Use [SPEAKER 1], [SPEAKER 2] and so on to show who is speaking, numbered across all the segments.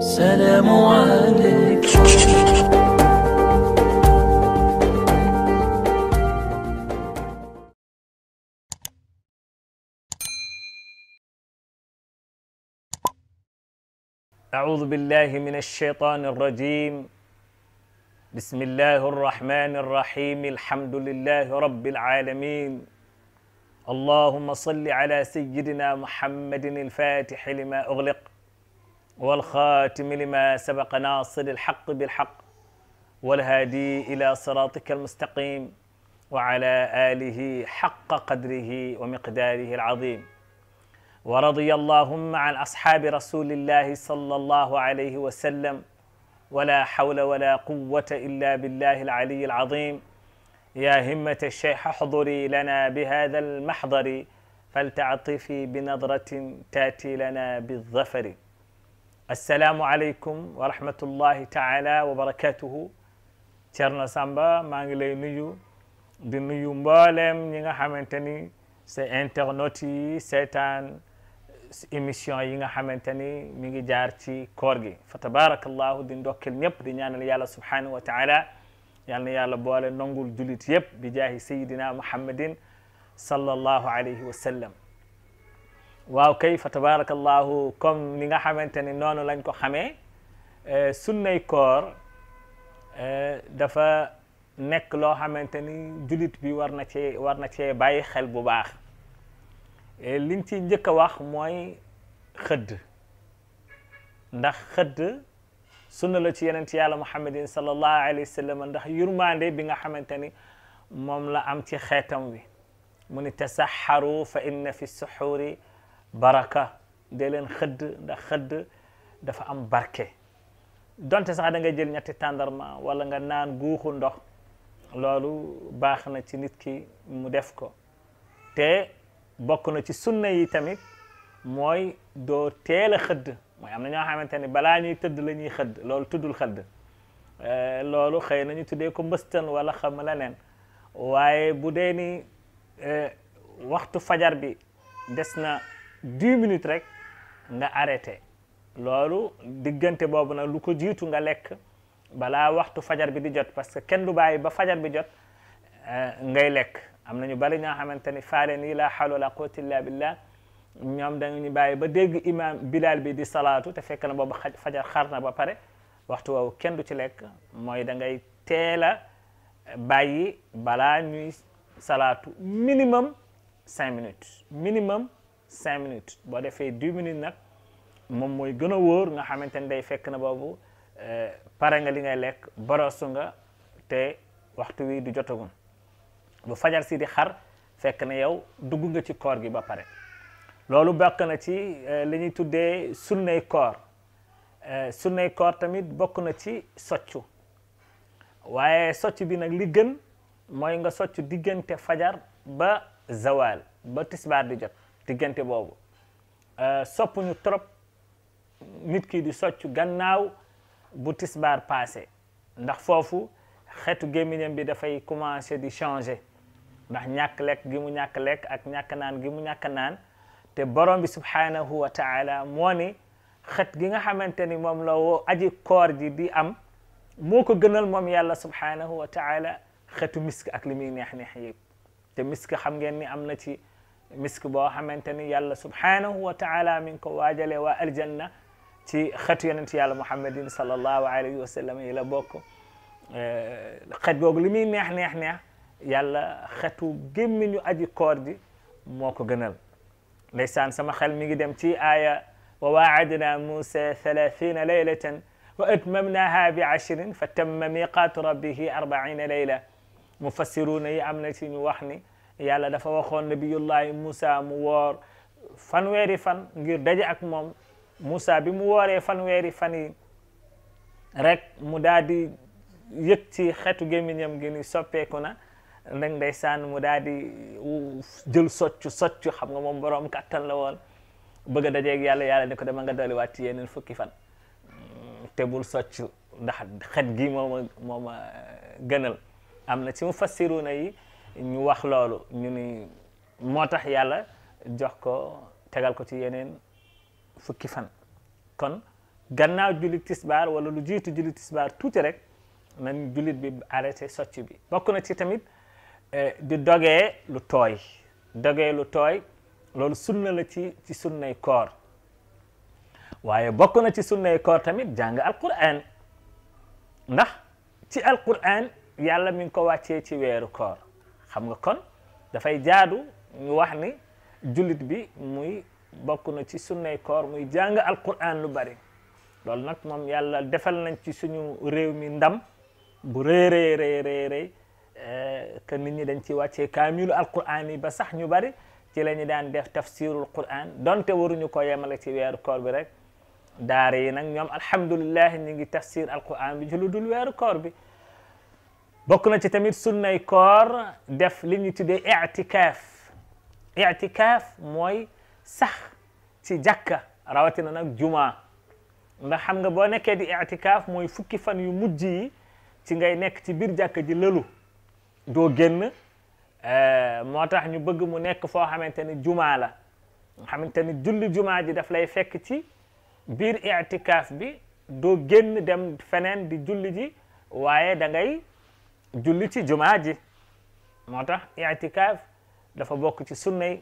[SPEAKER 1] سلام عليكم أعوذ بالله من الشيطان الرجيم بسم الله الرحمن الرحيم الحمد لله رب العالمين اللهم صل على سيدنا محمد الفاتح لما أغلق والخاتم لما سبق ناصر الحق بالحق والهادي إلى صراطك المستقيم وعلى آله حق قدره ومقداره العظيم ورضي اللهم عن أصحاب رسول الله صلى الله عليه وسلم ولا حول ولا قوة إلا بالله العلي العظيم يا همة الشيخ احضري لنا بهذا المحضر فلتعطفي بنظرة تأتي لنا بالظفر assalamu aleykum wa rahmatullahi taala wa barakatuhu ceerno samba maa ngi lay nuyu di nuyu mbooleem ñi nga xamante ni sa internautes yi seetaan émission yi nga xamante ni mi ngi jaar ci koor gi fa tabarakallahu di ndokkeel ñëpp di ñaanal yàlla subhanahu wa taala yal na yàlla boole nongul julit yëpp bi jaahi sayidina muhammadin sallallahu alayhi wa sallam waaw kay fa tabarakallahu comme ni nga xamante ni noonu lañ ko xamee sunnay koor dafa nekk loo xamante ni julit bi war na cee war na cee bàyyi xel bu baax liñ ci njëkk a wax mooy xëdd ndax xëdd sunna la ci yenent yàlla muhammadin sallallahu alayhi wa sallam ndax yurmaande bi nga xamante ni moom la am ci xeetam wi mu ni tasaxaru fa inna fi suxuuri baraka dee leen xëdd ndax dafa am barke donte sax da nga jël ñetti tàndarma wala nga naan guuxu ndox loolu baax na ci nit ki mu def ko te bokk na ci sunna yi tamit mooy doo teel a xëdd mooy am na ñoo xamante ni balaa ñuy tëdd la ñuy xëdd loolu tuddul xëdd eh, loolu xëy na ñu tuddee ko mbëstan wala xam leneen waaye bu dee ni eh, waxtu fajar bi des na 10 minutes rek nga arrêté lolu digënté bobu nag lu ko jitu nga lek bala waxtu fajar bi di jot parce que kenn du bàyyi ba fajar bi jot ngay lek amna ñu bari ñoo xamanteni ni faale nii la hawla wala quwwata illa billah ñoom ñu bàyyi ba dégg imam bilal bi di salatu te fekk na bobu fajar xarna ba pare waxtu woowu kenn du ci lek moy da ngay téla bàyyi bala ñuy salatu minimum 5 minutes minimum cinq boo defee dix minutes nag moom mooy gën a wóor nga xamante ni day fekk na boobu eh, pare nga li ngay lekk borosu nga te waxtu wi du jotagum bu fajar si di xar fekk na yow dugg nga ci koor gi ba pare loolu bokk na ci eh, li ñuy tuddee sunnay koor eh, sunnay koor tamit bokk na ci soccu waaye socc bi nag li gën mooy nga socc diggante fajar ba zawal ba tisbaar di jot diggante boobu euh, soppuñu trop nit ki di soccu gannaaw bu tisbaar paase ndax foofu xeetu gémmiñam bi dafay commencé di changer ndax ñàkk lekk gi mu ñàkk lekk ak ñàkk naan gi mu ñàkk naan te borom bi subhanahu wa taala moo ni gi nga xamante ni moom la woo aji koor ji di am moo ko gënal moom yàlla subhanahu wa taala xetu misk ak li muy neex neex yëpp te misk xam ngeen ni am na ci مسكو بو خامتاني يالا سبحانه وتعالى منكو واجال و تي خط يننت يالا محمد صلى الله عليه وسلم الى بوكو آه، خط بوغ لمي نيه نيه نيه يالا خطو گيم نيو ادي كوردي موكو گنال ليسان سما خيل ميغي ديم تي آية وواعدنا موسى ثلاثين ليلة وإتممناها بعشر فتم ميقات ربه أربعين ليلة مفسرون يأمنتي نوحني yàlla dafa waxoon nabiyullahi Moussa mu woor fanweeri fan ngir daje ak moom Moussa bi mu wooree fanweeri fan yi rek mu daal di yëg ci xetu gémmiñam gi ni soppeeku na day ndeysaan mu daal di jël soccu soccu xam nga moom boroom kàttan la woon bëgg a dajeeg yàlla yàlla ni ko dama nga dolliwaat ci yeneen fukki fan te bul soccu ndax xet gi moo ma gënal am na ci mu fassiruna yi ñu wax loolu ñu ni moo tax yàlla jox ko tegal ko ci yeneen fukki fan kon gannaaw julli tisbaar wala lu jiitu julli tisbaar tuuti rek nañ jullit bi arrêté socc bi bokk na ci tamit eh, di dogee lu tooy dogee lu tooy loolu sunna la ci ci sunnay koor waaye bokk na ci sunnay koor tamit jàng alquran ndax ci alquran yàlla mi ngi ko wàccee ci weeru koor xam nga kon dafay jaadu ñu wax ni julit bi muy bokk na ci sunnay koor muy jàng alquran lu bari loolu nag moom yàlla defal nañ ci suñu réew mi ndam bu rëy rëy rëy rëy rëy eh, que nit ñi dañ ci wàccee kaamilu alquran yi ba sax ñu bari ci la ñu daan def tafsirul quran donte waruñu ko yemale ci weeru koor bi rek daara yi nag ñoom alhamdulilah ñu ngi tafsir alquran bi ci lu dul weeru koor bi bokk na ci tamit sunnay koor def li ñu tuddee i'tikaaf i'tikaaf mooy sax ci jàkka rawatina nag jumaa ndax xam nga boo nekkee di i'tikaaf mooy fukki fan yu mujj yi ci ngay nekk ci biir jàkka ji lëlu doo génn eh, moo tax ñu bëgg mu nekk foo xamante ni jumaa la xamante ni julli jumaa ji daf lay fekk ci biir i'tikaaf bi doo génn dem feneen di julli ji waaye dangay julli ci juma ji moo tax itikaaf dafa bokk ci sunnay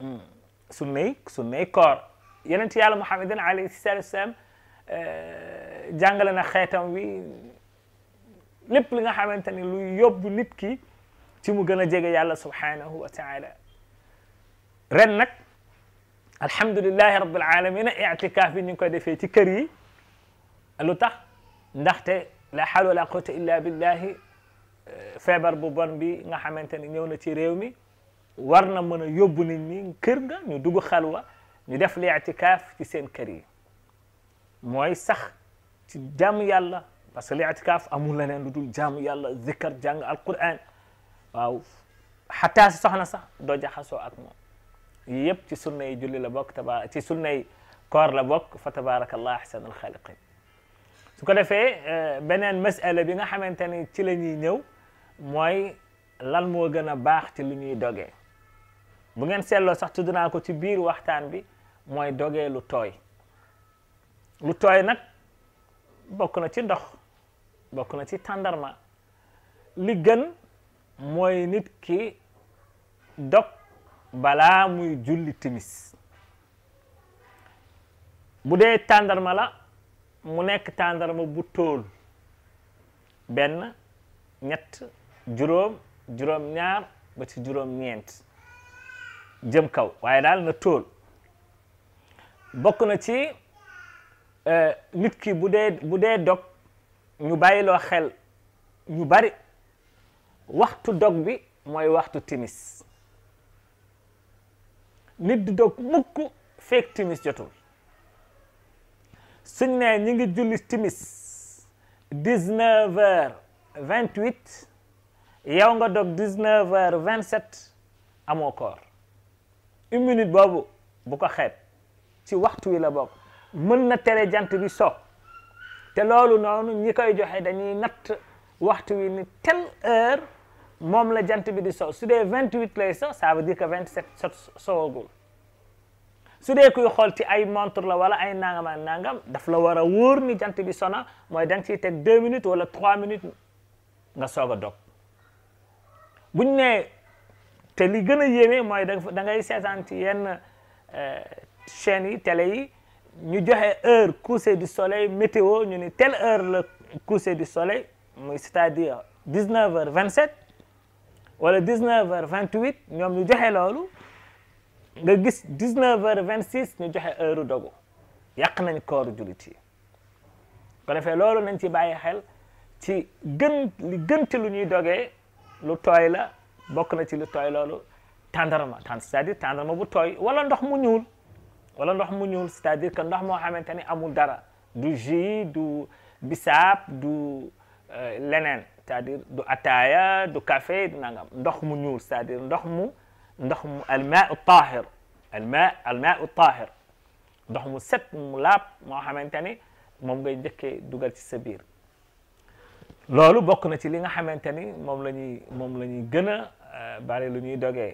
[SPEAKER 1] mm, sunnay sunnay koor yonent yàlla muhammadin alayhi salatu wasalam eh, jàngale na xeetam wi lépp li nga xamante ni lu yóbbu nit ki ci mu gën a jege yàlla subhanahu wa taala ren nag alhamdulillahi rabbil alamin itikaaf bi ñu ngi koy defee ci kër yi lu tax ndaxte لا حول ولا قوة إلا بالله فيبر بو بون بي nga xamanteni ni ñëw na ci réew mi war na mën yóbbu nit ñi kër nga ñu dugg xalwa ñu def i'tikaf ci seen kër yi mooy sax ci jaamu yàlla parce que i'tikaf amul leneen lu dul jaamu yàlla zikr jàng alquran waaw xataa si soxna sax doo jaxasoo ak moom yëpp ci sunnay julli la bokk taba ci sunnay koor la bokk fa tabaraka allah ahsan su ko defee euh, beneen masala bi nga xamante ni ci la ñuy ñëw mooy lan moo gën a baax ci lu ñuy doge bu ngeen seetloo sax tudd naa ko ci biir waxtaan bi mooy doge lu tooy lu tooy nag bokk na ci ndox bokk na ci tàndarma li gën mooy nit ki dog balaa muy julli timis bu dee tàndarma la mu nekk tàndarma bu tóol benn ñett juróom juróom ñaar ba ci juróom ñeent jëm kaw waaye daal na tóol bokk na ci e, nit ki bu dee dog ñu bàyyiloo xel ñu bari waxtu dog bi mooy waxtu timis nit di dog mukk feek timis jotul suñ ne ñi ngi julli timis 19 heures 28 yow nga dog 19 heures 27 amoo koor une minute boobu bu ko xeet ci waxtu wi la bokk mën na tere jant bi so te loolu noonu ñi koy joxe dañuy natt waxtu wi ni telle heure moom la jant bi di so su dee 28 lay so ça veut vingt que 27 so soogul su dee kuy xool ci ay montre la wala ay nangam ak nangam daf la war a wóor ni jant bi sona mooy da nga ciy teg deux minutes wala trois minutes nga soog a dog buñ nee te li gën a yéeme mooy da ngay seetaan ci yenn chaînes yi télé yi ñu joxe heure coucher du soleil météo ñu ni telle heure la coucher du soleil muy c'est-à-dire 19h27 wala 19h28 ñoom ñu joxe loolu nga gis 19 heures 26 ñu joxe heure dogu yàq nañ kooru jullit yi ko defee loolu nañ ci bàyyi xel ci gën lu ñuy dogee lu tooy la bokk na ci lu tooy loolu tàndarma tant c'est-à-dire bu tooy wala ndox mu ñuul wala ndox mu ñuul c'est-à-dire moo xamante ni amul dara du jus du bisaab du euh, leneen cest à du ataaya du café du nangam ndox mu ñuul c'est-à-dire ndox mu عندهم الماء الطاهر الماء الماء الطاهر عندهم ست ملاب ما حمان تاني مم غي ديك دوغال سي سبير لولو بوكنا تي ليغا حمان تاني مم لاني مم لاني غنا آه، باري لو ني دوغي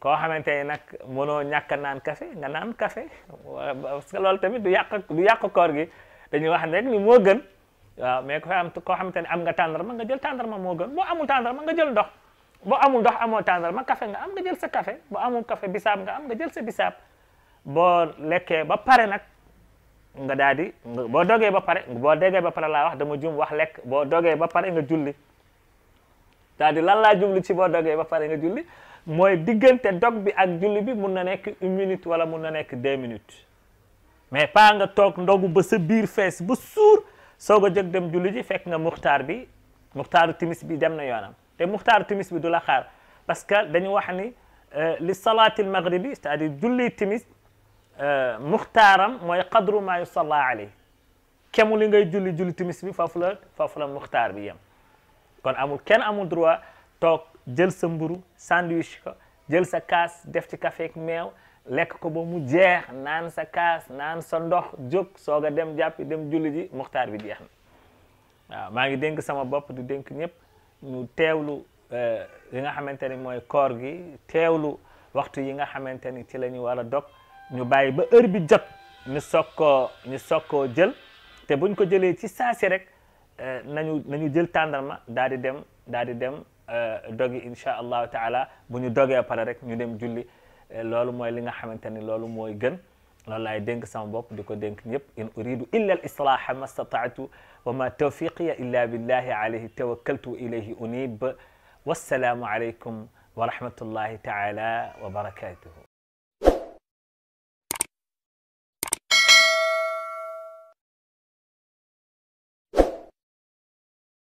[SPEAKER 1] كو حمان تاني ناك مونو نياكا نان كافي نغا نان كافي باسكو لول تامي دو ياك دو ياك كورغي داني واخ نك ني مو غن وا آه، مي كو حام كو حمان تاني امغا تاندرما غا جيل تاندرما مو غن مو امول تاندرما غا bu amul ndox amoo tàndarma kafe nga am nga jël sa kafe bu amul café bisaab nga am nga jël sa bisaab boo lekkee ba pare nag nga daal boo dogee ba pare boo dogee ba pare laa wax dama jum wax lekk boo dogee ba pare nga julli daal di lan laa jublu ci boo doggee ba pare nga julli mooy diggante dog bi ak julli bi mun na nekk une minute wala mun na nekk deux minutes mais pas nga toog ndogu ba sa biir fees ba suur soog a jóg dem julli ji fekk nga muxtaar bi muxtaaru timis bi dem na yoonam تي طيب، مختار تيميس بدو لاخر باسكو داني واخني للصلاه آه، المغربي استادي جولي تيميس آه، مختارا موي قدر ما يصلى عليه كامو لي غاي جولي جولي تيميس بي فافلا فافلا مختار بي يم كون امول كين امول دروا توك جيل سمبرو ساندويتش كو جيل سا كاس ديف تي كافي اك ميو lekk ko ba mu jeex naan sa kaas naan sa ndox jóg soog a dem jàppi dem julli ji ñu teewlu eh, li nga xamante ni mooy koor gi teewlu waxtu yi nga xamante ni ci la ñu war a dog ñu bàyyi ba heure bi jot ñu soog koo ñu soog koo jël te buñ ko jëlee ci saasi rek eh, nañu nañu jël tàndarma daal di dem daal di dem eh, dogi incha allahu taala bu ñu dogee pare rek ñu dem julli loolu mooy li nga xamante ni loolu mooy gën أريد إلا الإصلاح ما استطعت وما توفيقي إلا بالله عليه توكلت إليه أنيب والسلام عليكم ورحمة الله تعالى وبركاته